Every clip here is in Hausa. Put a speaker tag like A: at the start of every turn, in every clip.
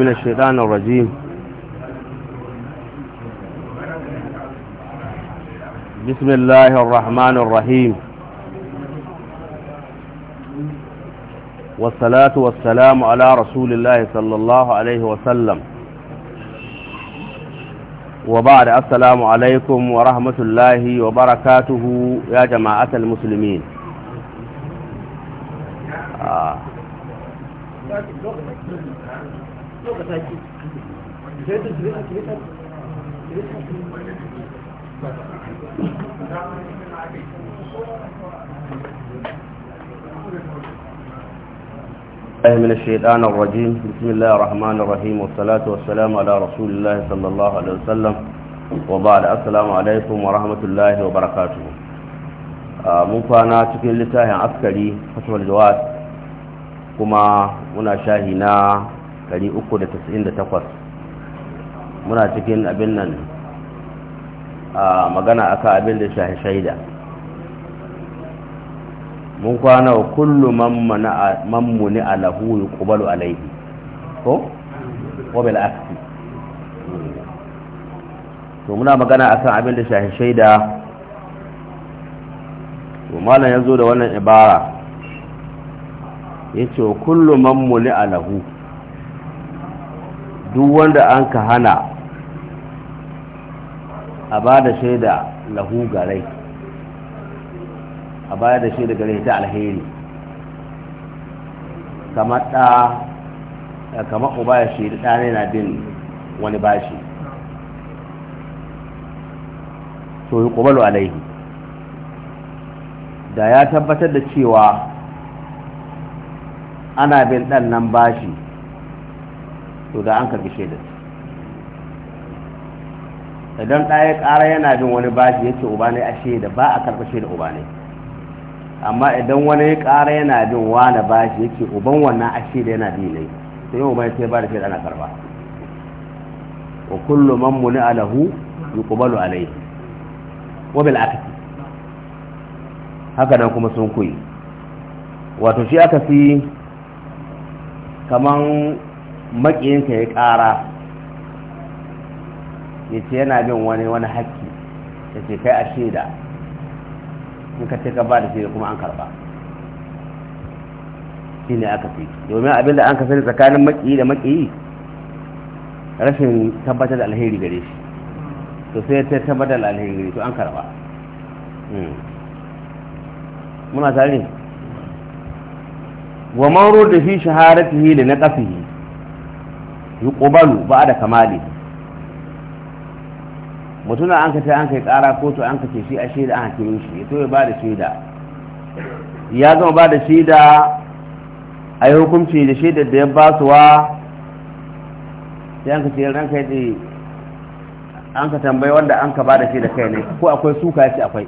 A: من الشيطان الرجيم بسم الله الرحمن الرحيم والصلاة والسلام على رسول الله صلى الله عليه وسلم وبعد السلام عليكم ورحمة الله وبركاته يا جماعة المسلمين آه. من الشيطان الرجيم بسم الله الرحمن الرحيم والصلاة والسلام على رسول الله صلى الله عليه وسلم وبعد السلام عليكم ورحمة الله وبركاته mun kwana cikin littafin askari fasuwar jawad kuma muna shahi na 398 muna cikin abin nan a magana aka abin da shahi shaida mun kwana wa kullu mammuni lahu yi kubalu laifi ko? wabil aski to muna magana kan abin da shahi shaida to malam ya zo da wannan ibara ya ce wa kullu mammuni lahu. duk wanda an ka hana a ba da shaida lahu garai a ba da shaida gare ta alheri kamar ɗa kamar uba ya shaida ɗa ne na bin wani bashi to yi kubalu alaihi da ya tabbatar da cewa ana bin ɗan nan bashi to da an karbi shaidar idan ɗaya ƙara yana bin wani bashi ya ce uba ne a shaida ba a karɓa shaida uba ne amma idan wani ya ƙara yana bin wani bashi ya ce uban wannan a shaida yana bi ne sai yau uba sai ba da shaida ana karɓa wa kullu man muni alahu yuqbalu alayhi wa bil akasi haka nan kuma sun koyi wato shi aka fi kaman maƙiyinka ya ƙara ya ce yana bin wani wani haƙƙi ya ce kai a shaida in ka ce ka ba da shaida kuma an karɓa shi ne aka fi domin abin da an ka sani tsakanin maƙiyi da maƙiyi rashin tabbatar da alheri gare shi to sai ta tabbatar da alheri gare to an karɓa hmm. muna tare wa man da fi da na naqsihi yuqbalu ba'da kamali mutuna an ka an kai kara kotu an ka ce shi a shaida an hakimin shi ya to ya bada shaida ya gama bada shaida a yi hukunci da shaidar da ya basuwa sai an ka ce kai yadda an ka tambayi wanda an ka bada shaida kai ne ko akwai suka ya ce akwai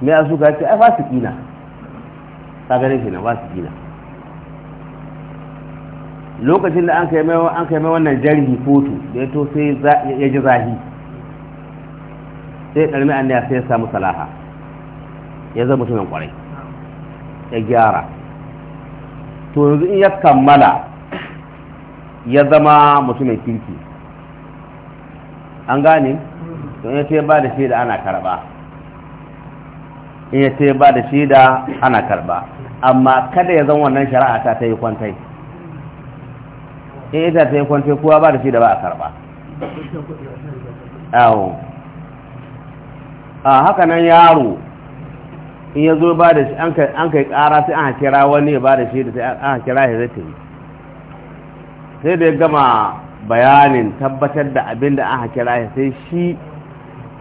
A: me a suka ya ce ai fasiki na ka gare shi na fasiki na lokacin da an kai mai an kai mai wannan jarhi kotu da ya to sai ya ji zahi sai ɗarmi an ya sai ya samu salaha ya zama mutumin kwarai ya gyara to yanzu in ya kammala ya zama mutumin kirki an gane to ya ce ba da shaida ana karba in ya ce ba da shaida ana karba amma kada ya zama wannan shari'a ta ta yi kwantai in ita ta yi kwanci kowa ba da shi da ba a karba awo a haka nan yaro in ya zo ba da shi an kai kara sai an kira wani ya ba da shi da sai an kira ya zai tafi sai da ya gama bayanin tabbatar da abin da an kira ya sai shi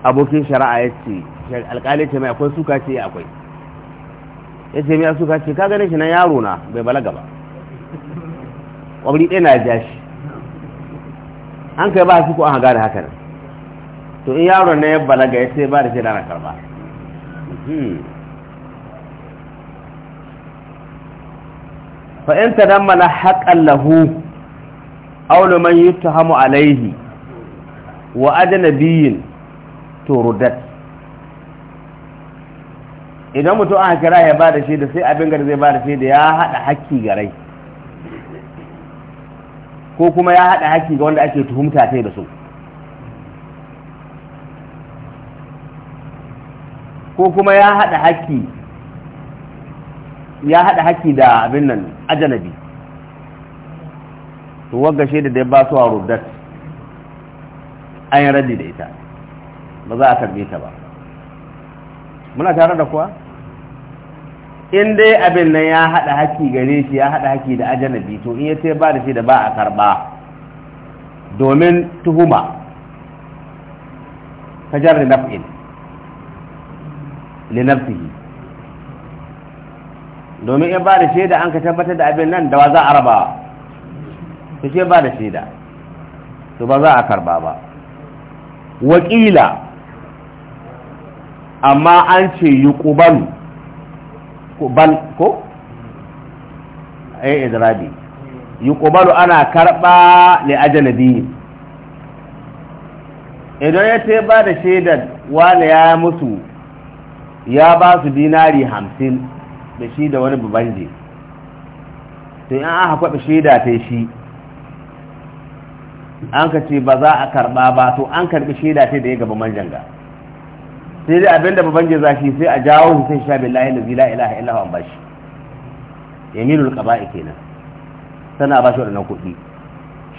A: abokin shari'a ya ce alkali ce mai akwai suka ce akwai ya ce mai suka ce ka gane shi na yaro na bai balaga ba wani ɗaya na ja shi an kai ba su ko an gane haka nan to in yaro na ya balaga ya sai ba da shaida na karba hmm. fa in tadammana haƙan lahu yi ta hamu alaihi wa ajnabiyin turudat idan mutum aka kira ya ba da shaida sai abin gari zai ba da shaida ya haɗa hakki garai ko kuma ya haɗa haƙƙi ga wanda ake tuhumta ta da su ko kuma ya haɗa haƙƙi ya haɗa haƙƙi da abin nan ajanabi to wanga shaida da ya ba su a ruddat an yi da ita ba za a karbe ta ba muna tare da kuwa in dai abin nan ya haɗa haƙƙi gare shi ya haɗa haƙƙi da ajanabi to in ya ce ba da shi da ba a karɓa domin tuhuma ta jar naf'in linafsihi domin in ba da shaida an ka tabbatar da abin nan da wa za a raba to ce ba da shaida to ba za a karɓa ba wakila amma an ce yi ƙubalu ko bal ko ai yuqbalu ana karba li ajnabi idan ya ce ba da shaidar wani ya musu ya ba su dinari hamsin da shi da wani babanje to in an haka kwaɓe shaida ta shi an ka ce ba za a karɓa ba to an karɓi shaida ta da ya gaba manjanga sai dai abinda baban je zafi sai a jawo shi sai sha billahi la ilaha illa huwa bashi yaminul qaba'i kenan sana ba shi wadannan kuɗi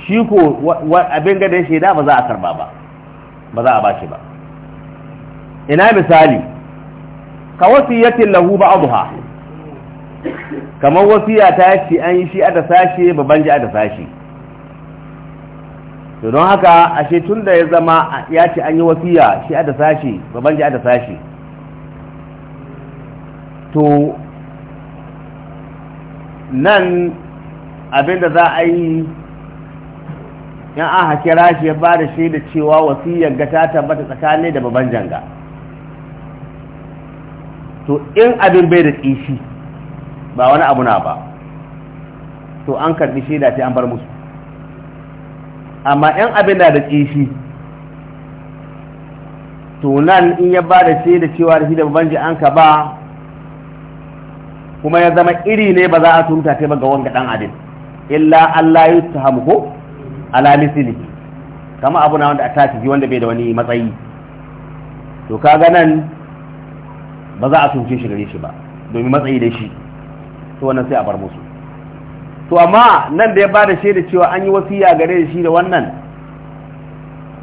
A: shi ko abin ga da shaida ba za a karba ba ba za a bashi ba ina misali ka wasiyatin lahu ba'dha kamar wasiya ta ce an yi shi a da sashe baban a da sashi. to don haka ashe tun da ya zama ya ce an yi wasiya shi da sashi baban ji da sashi to nan abinda za a yi in an kira shi ya ba da shaida cewa wasiyar ga ta tabbata tsakanin da baban janga to in abin bai da kishi ba wani abu na ba to an karbi shaida ta an bar musu amma yan abin da da kishi to nan in ya ba da ce da cewa da shi da babanji an ka ba kuma ya zama iri ne ba za a tunta ta ba ga wanga dan abin illa Allah ya hamu ko ala misli kama abu na wanda a tashi wanda bai da wani matsayi to kaga nan ba za a tunce shi gare shi ba domin matsayi da shi to wannan sai a bar musu to amma nan da ya ba da shaida cewa an yi wasiya gare da shi da wannan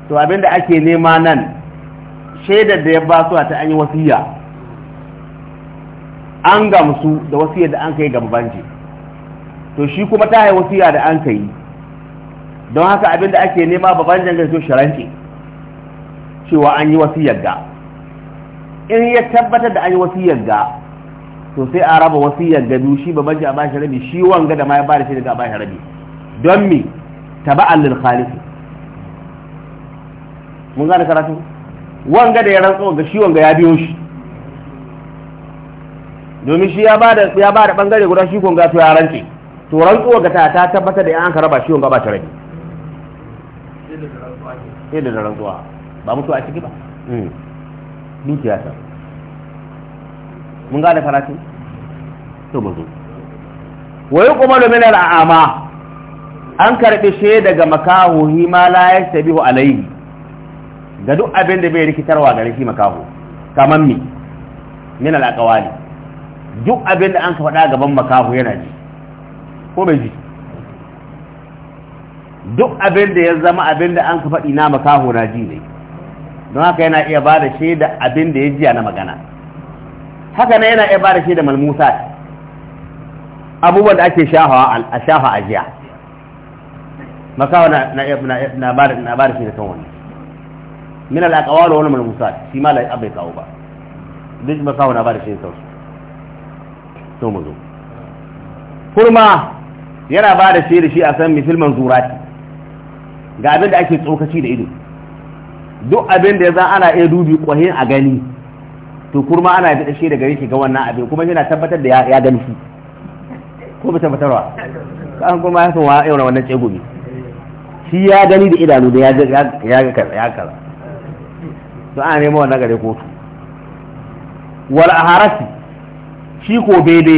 A: to abinda ake nema nan shaidar da ya ba su ta an yi wasiya an gamsu da wasiyar da an kai ga babanci to shi kuma ta yi wasiya da an kai don haka abinda ake nema babanjin gaiso sharanci cewa an yi wasiyar ga in ya tabbatar da an yi wasiyar ga to sai a raba wasiyar ga biyu shi ba maji a bashi rabi shi wanga da ma ya ba da shi daga bashi rabi don mi taba'an lil khalif mun gane karatu wanga da ya rantsa ga shi wanga ya biyo shi domin shi ya ba da ya ba da bangare guda shi gonga to ya rantse to rantsuwa ga ta ta tabbata da an karaba shi wanga ba ta rabi sai da rantsuwa ba mutu a ciki ba hmm. dukiya ta mun gane karatu to mu zo wa yuqmalu min al'ama an karbi shi daga makahu hi ma la yastabihu alayhi ga duk abin da bai rikitarwa ga shi makahu kaman mi min al'aqwali duk abin da an ka faɗa gaban makahu yana ji ko bai ji duk abin da ya zama abin da an ka faɗi na makahu na ji ne don haka yana iya ba da shaida abin da ya jiya na magana haka nan yana iya ba da shi da malmusa abubuwan da ake shahawa a shafa ajiya makawa na ba da shi da kan wannan min aqwal wa wani malmusa shi ma lai abai kawo ba duk makawa na ba da shi da kansu to mu zo kurma yana ba da shi da shi a san misil manzurati ga abin da ake tsokaci da ido duk abin da ya za ana iya dubi kwahin a gani to kurma ana da shi daga yake ga wannan abin kuma yana tabbatar da ya gani shi ko ba tabbatarwa kan kuma ya san yau wannan tsegumi shi ya gani da idanu da ya ya ya ga to ana nemo wannan gare kotu wal aharati shi ko bebe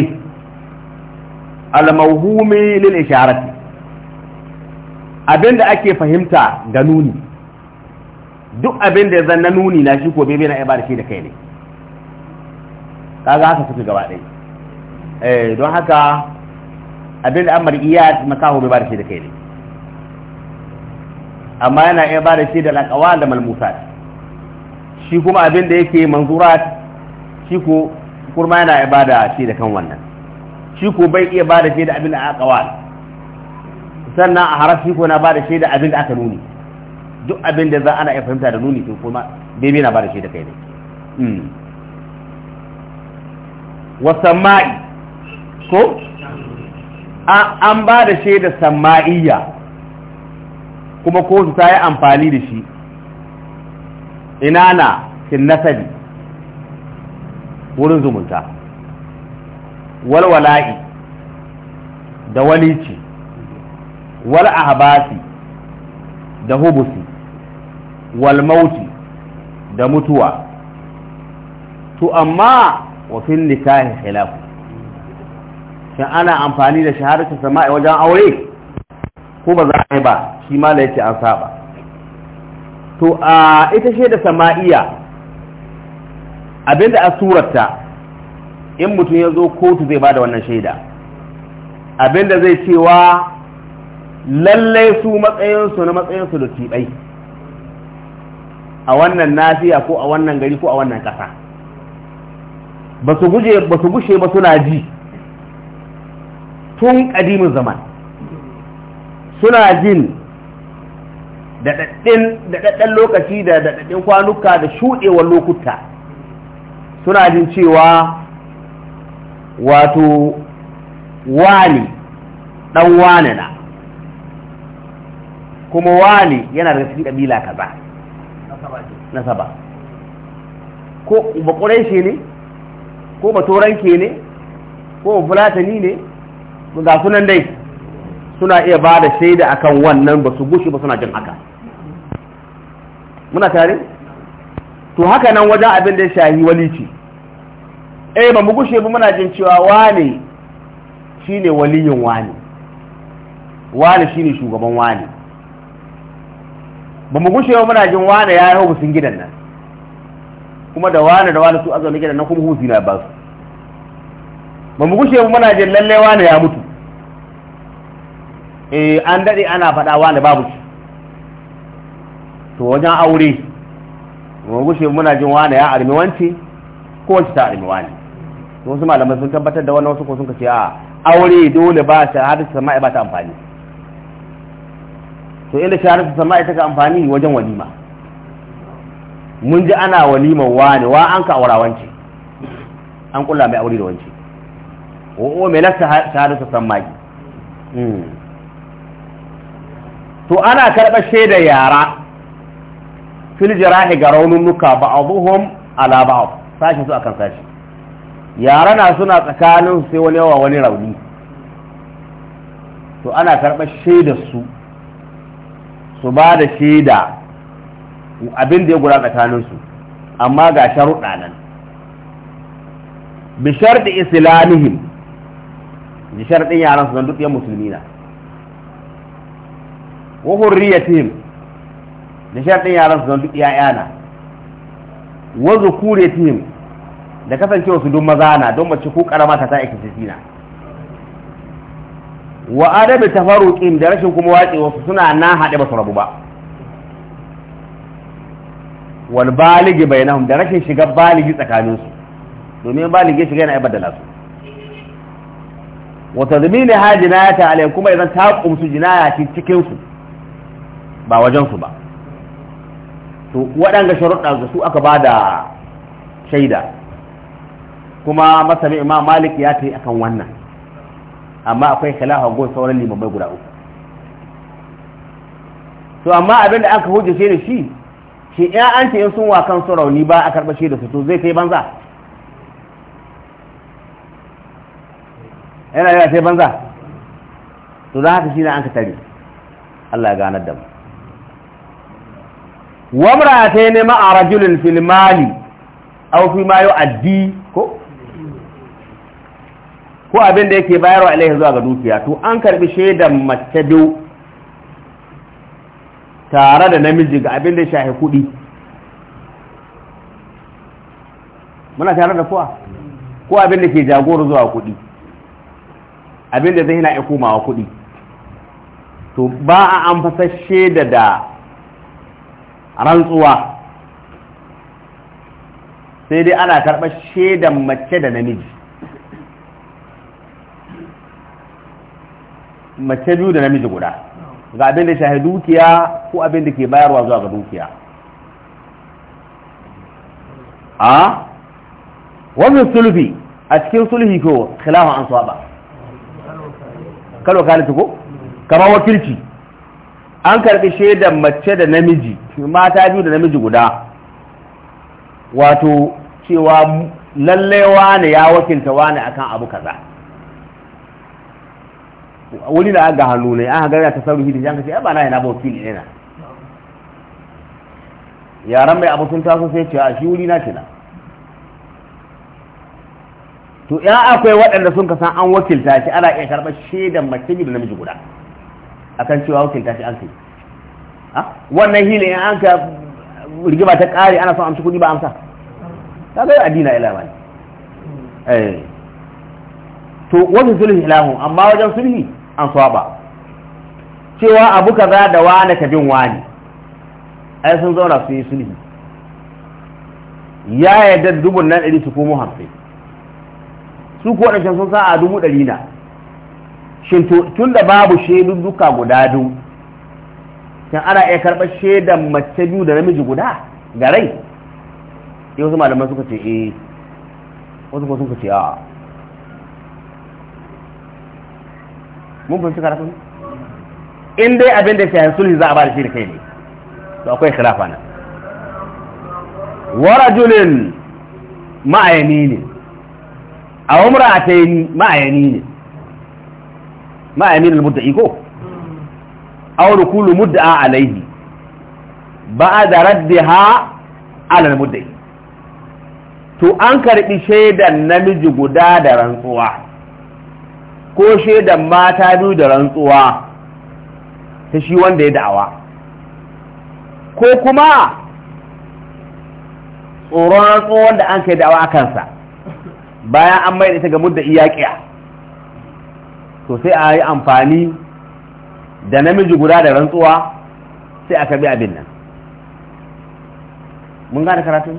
A: al mawhumi lil isharati abinda ake fahimta ga nuni duk abinda ya zanna nuni na shi ko bebe na ibada shi da kai ne kaga haka suka gaba ɗaya eh don haka abin da amar iya makahu bai ba da shi da kai ne amma yana iya ba da shi da alƙawa da malmusat shi kuma abin da yake manzurat shi ko kurma yana iya ba da shi da kan wannan shi ko bai iya ba da shi da abin da alƙawa sannan a haras shi ko na ba da shi da abin da aka nuni duk abin da za ana iya fahimta da nuni to kuma bai na ba da shi da kai ne hmm. sama'i ko an ba da shaida sama'iyya kuma kotu ta yi amfani da shi inana fin nasabi wurin zumunta walwala'i da walici wal ahbasi da hubusi wal mauti da mutuwa to amma wa fil nikahi khilaf shin ana amfani da shahadatu sama'i wajen aure ko ba za a yi ba shi ma da yake an saba to a ita shaida sama'iya abinda a surarta in mutum ya zo kotu zai bada wannan shaida abinda zai cewa lallai su matsayinsu na matsayinsu da tibai a wannan nafiya ko a wannan gari ko a wannan ƙasa ba su gushe ba suna ji tun ƙadimin zaman suna jin da daɗaɗɗen lokaci da daɗaɗɗen kwanuka da shuɗewar lokuta suna jin cewa wato wani ɗan wani na kuma wani yana da cikin ƙabila kaza nasaba ko ba ƙurai ne ko ke ne ko fulatani ne ga sunan dai suna iya ba da shaida akan wannan ba su gushi ba suna jin haka muna tare to haka nan wajen abin da ya shahi ce. eh ba mu gushe ba muna jin cewa wane shine waliyin wane wane shine shugaban wane ba mu gushe ba muna jin wane ya yi hukusin gidan nan kuma da wane da wane su azza nake da na kuma hutu na ba su ba mu gushe mu muna jin lalle wane ya mutu eh an dade ana faɗa wane babu shi to wajen aure mu gushe muna jin wane ya armi wance ko wace ta armi wane to wasu malamai sun tabbatar da wani wasu ko sun kace a aure dole ba shahadatu sama'i ba ta amfani to inda shahadatu sama'i ta ka amfani wajen walima mun ji ana waliman wani wa an ka aura wance an kula mai aure da wance o mai lasta shahadu san magi hmm. to ana karɓar shaidar yara fil jirahi ga raununuka zuhun ala ba sashin su akan sashi yara na suna tsakanin sai wani yawa wani rauni to ana karɓar shaidar su su ba da shaida abin da ya gura tsakaninsu amma ga sharuɗa nan bi sharɗi islamihim bi ɗin yaran su don duk yan musulmi na wa hurriyatihim da ɗin yaran su don duk ya'ya na wa zukuriyatihim da kasancewa su duk maza na don mace ko karama ta ta ikisisi na wa adabi tafaruqin da rashin kuma wace wasu suna na haɗe ba su rabu ba wal baligi bainahum da rashin shiga baligi tsakanin su domin baligi shiga yana ibadala su wa tadmini ha jinayata alai kuma idan ta kumsu jinaya ce cikin su ba wajen su ba to wadanga sharuɗa ga su aka bada shaida kuma masami imam malik ya ta akan wannan amma akwai khilafa go sauran limamai guda uku to amma abin da aka hujja shi ne shi shi ‘ya'yanta in sun wa su rauni ba a karɓashe da su to zai kai banza yana yana sai banza to za haka shi na an ka tare Allah ya ganar da mu wamra ta yi nema a rajulun filimali a wufi mayo addi ko ko abin da yake bayarwa alaihi zuwa ga dukiya to an karɓi shaidar mace biyu tare da namiji ga abin da ya shahi kuɗi muna tare da kuwa ko abin da ke jagoro zuwa kuɗi abin da zai na iya komawa kuɗi to ba a an fasashe da da rantsuwa sai dai ana karɓar shaidan mace da namiji mace biyu da namiji guda ga abin da shahi dukiya ko abin da ke bayarwa zuwa ga dukiya a wannan sulhi a cikin sulhi ko khilafa an saba kalo kalita ko kamar wakilci an karɓi shaidar mace da namiji mata biyu da namiji guda wato cewa lallai ne ya wakilta wani akan abu kaza wani na aga hannu ne an hagar a ta sauri da janka ya ba na yana ba ne na yaran mai abokin taso sai ce a shi wuri na ce na to ya akwai waɗanda sun kasan an wakilta shi ana iya karɓar shaidan mace da namiji guda akan cewa wakilta shi an kai ah, wannan hilin an ka rigima ta ƙare ana son amsa kuɗi ba amsa ta zai addina ila ba ne eh. to wajen sulhi lahu amma wajen sulhi an saba cewa abu kaza da wani ka bin wani ai sun zauna su yi sulhi ya yadda dubun nan ɗari su komo hamsin su ko waɗancan sun sa a dubu ɗari na shin tun da babu shaidun duka guda du? can ana iya karɓar shaidan mace biyu da namiji guda ga rai yau wasu malamai suka ce eh wasu kuma suka ce a mun fahimci karatu in dai abin da shahin sulhi za a ba da shi da kai ne to akwai khilafa nan wa rajulin ma'ayani ne a umra'atayn ma'ayani ne ma'ayani al-mudda'i ko aw kullu mudda'a alayhi ba'da raddiha ala al-mudda'i to an karbi shaidan namiji guda da rantsuwa ko shaidan mata biyu da rantsuwa ta shi wanda ya da'awa ko kuma tsoron rantsuwa da an kai da'awa a kansa bayan an mai da ita ga mudda iyaƙiya to sai a yi amfani da namiji guda da rantsuwa sai a karbi abin nan mun gane karatu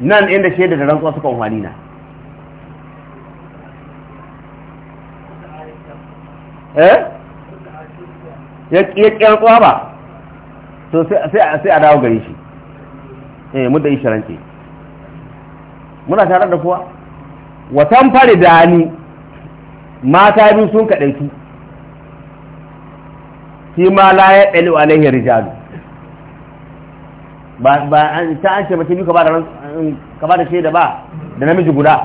A: nan inda shaidan da rantsuwa suka umarni na Eh? ya ƙiyar ba to sai a dawo gare shi eh mudda yi sharanci muna tare da kuwa watan fari da ni mata biyu sun kaɗai su shi ma la ya ɗali wa alaihi rijalu ba an ta an ce mace biyu ka ba da shaida ba da namiji guda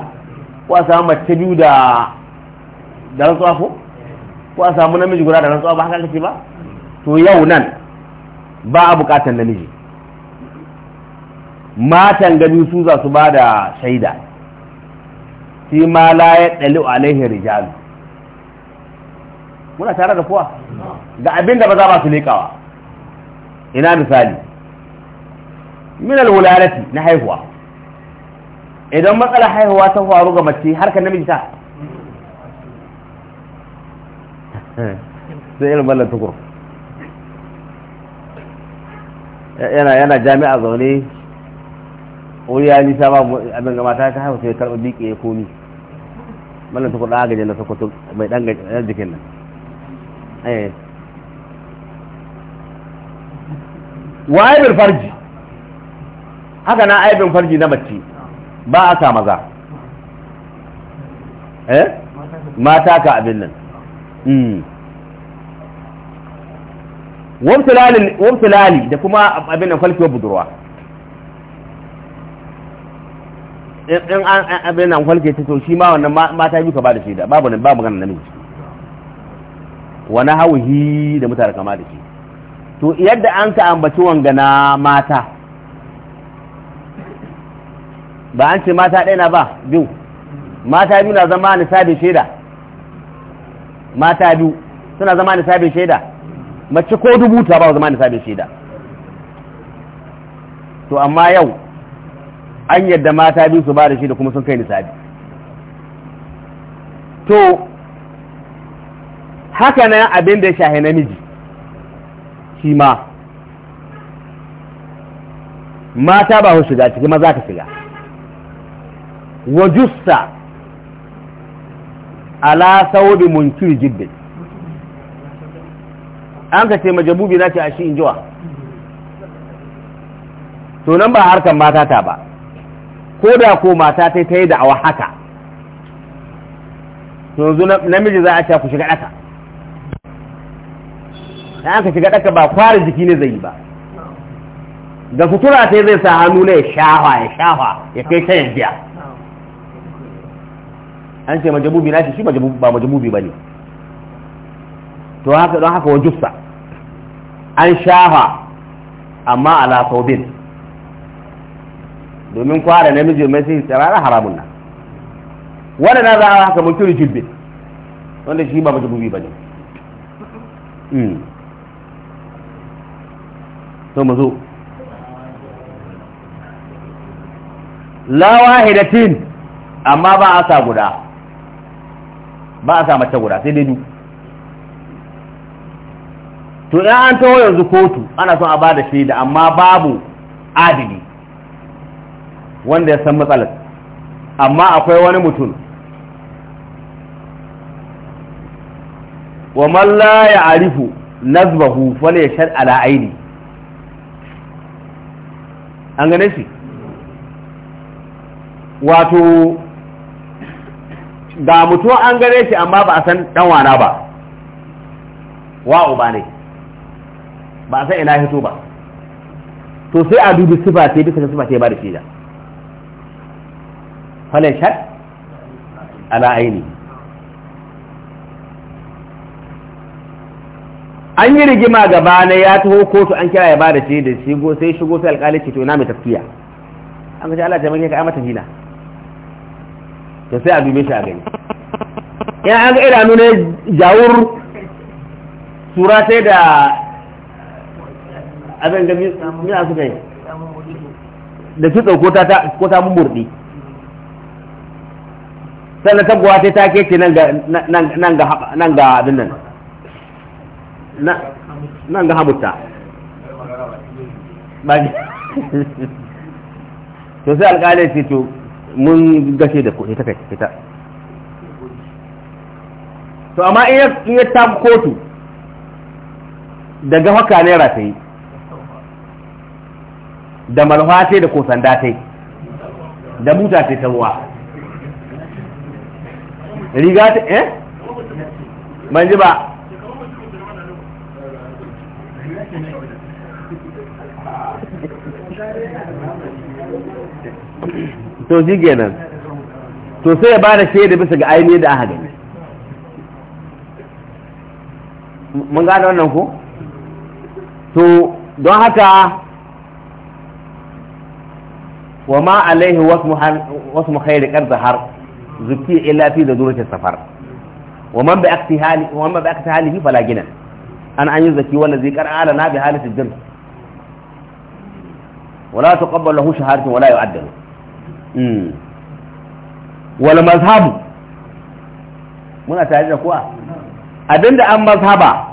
A: ko a samu mace biyu da rantsuwa ko ko a samu namiji guda da rantsuwa ba haka kake ba to yau nan ba a bukatar namiji matan gani su za su ba da shaida shi ma la ya dali alaihi rijalu muna tare da kuwa ga abin da ba za ba su leƙawa ina misali Min wulalati na haihuwa idan matsalar haihuwa ta faru ga mace harkar namiji ta sai irin ballan tukur yana yana jami'a zaune wuri ya nisa ba abin gama ta haifu sai karɓi biƙe ya komi ballan tukur ɗan gajen na sokoto mai ɗan jikin nan eh. wa aibin farji haka na aibin farji na mace ba a sa maza eh mata ka abin nan Mm. wamtulali da kuma abin da falkewa budurwa in an abin nan falke ta to shi ma wannan mata biyu ka ba da shi da babu ba magana namiji wani hauhi da mutane kama da shi to yadda an ka ambaci wanga na mata ba an ce mata ɗaya na ba biyu mata biyu na zama da shaida mata biyu suna zama da sabin shaida mace ko dubu ta ba zama da sabin shaida to amma yau an yadda mata biyu su ba da shaida kuma sun kai nisabi to haka nan abin da ya shahe namiji shi ma mata ba su shiga ciki maza ka shiga wajusta ala saudi munkir Jibbe. an ka ce majabubi na ce a shi jiwa to nan ba harkar matata ba ko da ko mata ta ta yi da'awa haka to yanzu namiji za a sha ku shiga ɗaka Da an ka shiga ɗaka ba kwari jiki ne zai yi ba da kutura ta zai sa hannu ne ya shafa ya shafa ya kai ta yanzu. an ce majabubi na shi shi ba majabubi ba ne to haka don haka wajufsa an shafa amma ala saubin domin kwara namiji mai sai tsirara haramun nan wanda na za a haka mutum julbin wanda shi ba majabubi ba ne hmm. to mazo lawa hidatin amma ba a sa guda ba a sa mace guda sai dai to in an taho yanzu kotu ana son a ba da shaida amma babu adili wanda ya san matsalar amma akwai wani mutum wa man la ya'rifu nazbahu fala ala aini an gane shi wato ga mutum an gane shi amma ba a san dan wana ba wa uba ne ba a san ina hito ba to sai a dubi sifa ce bisa sifa ce ba da shida falai shat ala aini an yi rigima gaba na ya taho kotu an kira ya ba da shi da sai shigo sai alƙali ce to ina mai tafiya an ga Allah ta mai ka amata mata hina to sai a dube shi a gani in an ga idanu ne jawur sura sai da abin da mina suka yi da kitso ko ta murdi sannan taguwa sai ta kece nan ga abin nan nan ga habuta to sai alƙalai ce to mun gashe da kuɗi ta kai fita to amma in ya tafi kotu daga haka naira ta yi da malfa ta da kosan ta yi da buta ta ta ruwa riga ta eh ban ji ba Thank you. to shi kenan to sai ya ba da shaida bisa ga ainihi da aka gani mun gane wannan ko to don haka wa ma alaihi wasu muhairi kar zahar zuki illa fi da zuwa safar wa man bi aktihali wa man bi fala gina an an yi zaki wanda zai ala na bi halin sijjin wala tuqabbalu lahu shahadatun wala yu'addalu Hmm. wal mazhabu muna tare da kuwa abinda an mazhaba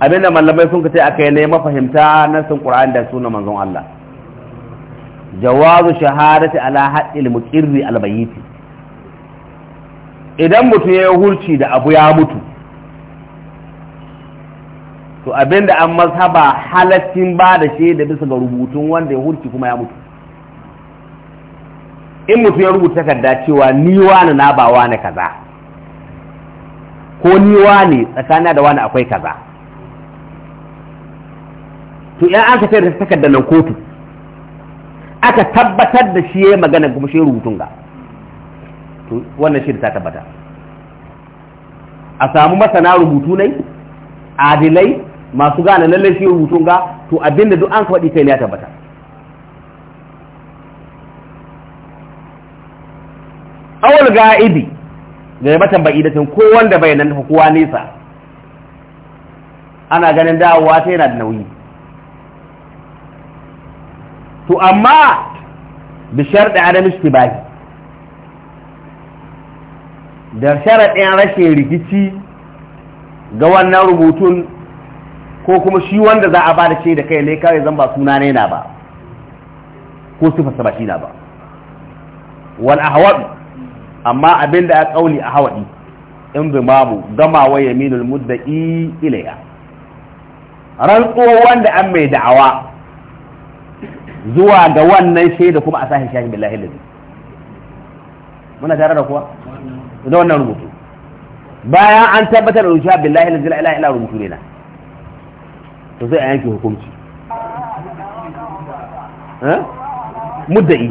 A: abinda malamai sun kace akai ne mafahimta na sun Qur'an da sunan manzon Allah jawazu shahadati ala haqqil muqirri al bayyiti idan mutum ya hurci da abu ya mutu to abinda an mazhaba halaccin ba da shi da bisa ga rubutun wanda ya hurci kuma ya mutu in mutum ya rubuta takarda cewa ni wani na ba wani kaza ko ni wani tsakana da wani akwai kaza to in an ka da takarda nan kotu aka tabbatar da shi yayin magana kuma shi rubutun ga to wannan shi ta tabbata a samu masana rubutu ne adilai masu gane lallai shi rubutun ga to abinda duk an faɗi kai ne ya tabbata awal ga'ibi da ba'idatin ko wanda bai nan kowa nesa ana ganin dawowa ta yana da nauyi to amma bi sharɗi adam istibahi da sharaɗin rashin rikici ga wannan rubutun ko kuma shi wanda za a ba da ce da kai ne kawai zan ba suna ne na ba ko sifarsa ba shi na ba wal ahwadu amma abin da ya kauli a hawaɗi in zimamu gamawa yaminul mudda'i ilaiya rantsuwa wanda an mai da'awa zuwa ga wannan shaida kuma a sahin shahin billahi lazi muna tare da kuwa da wannan rubutu bayan an tabbatar da rusha billahi lazi la ilaha illa rubutu ne na to sai a yanke hukunci eh? mudda'i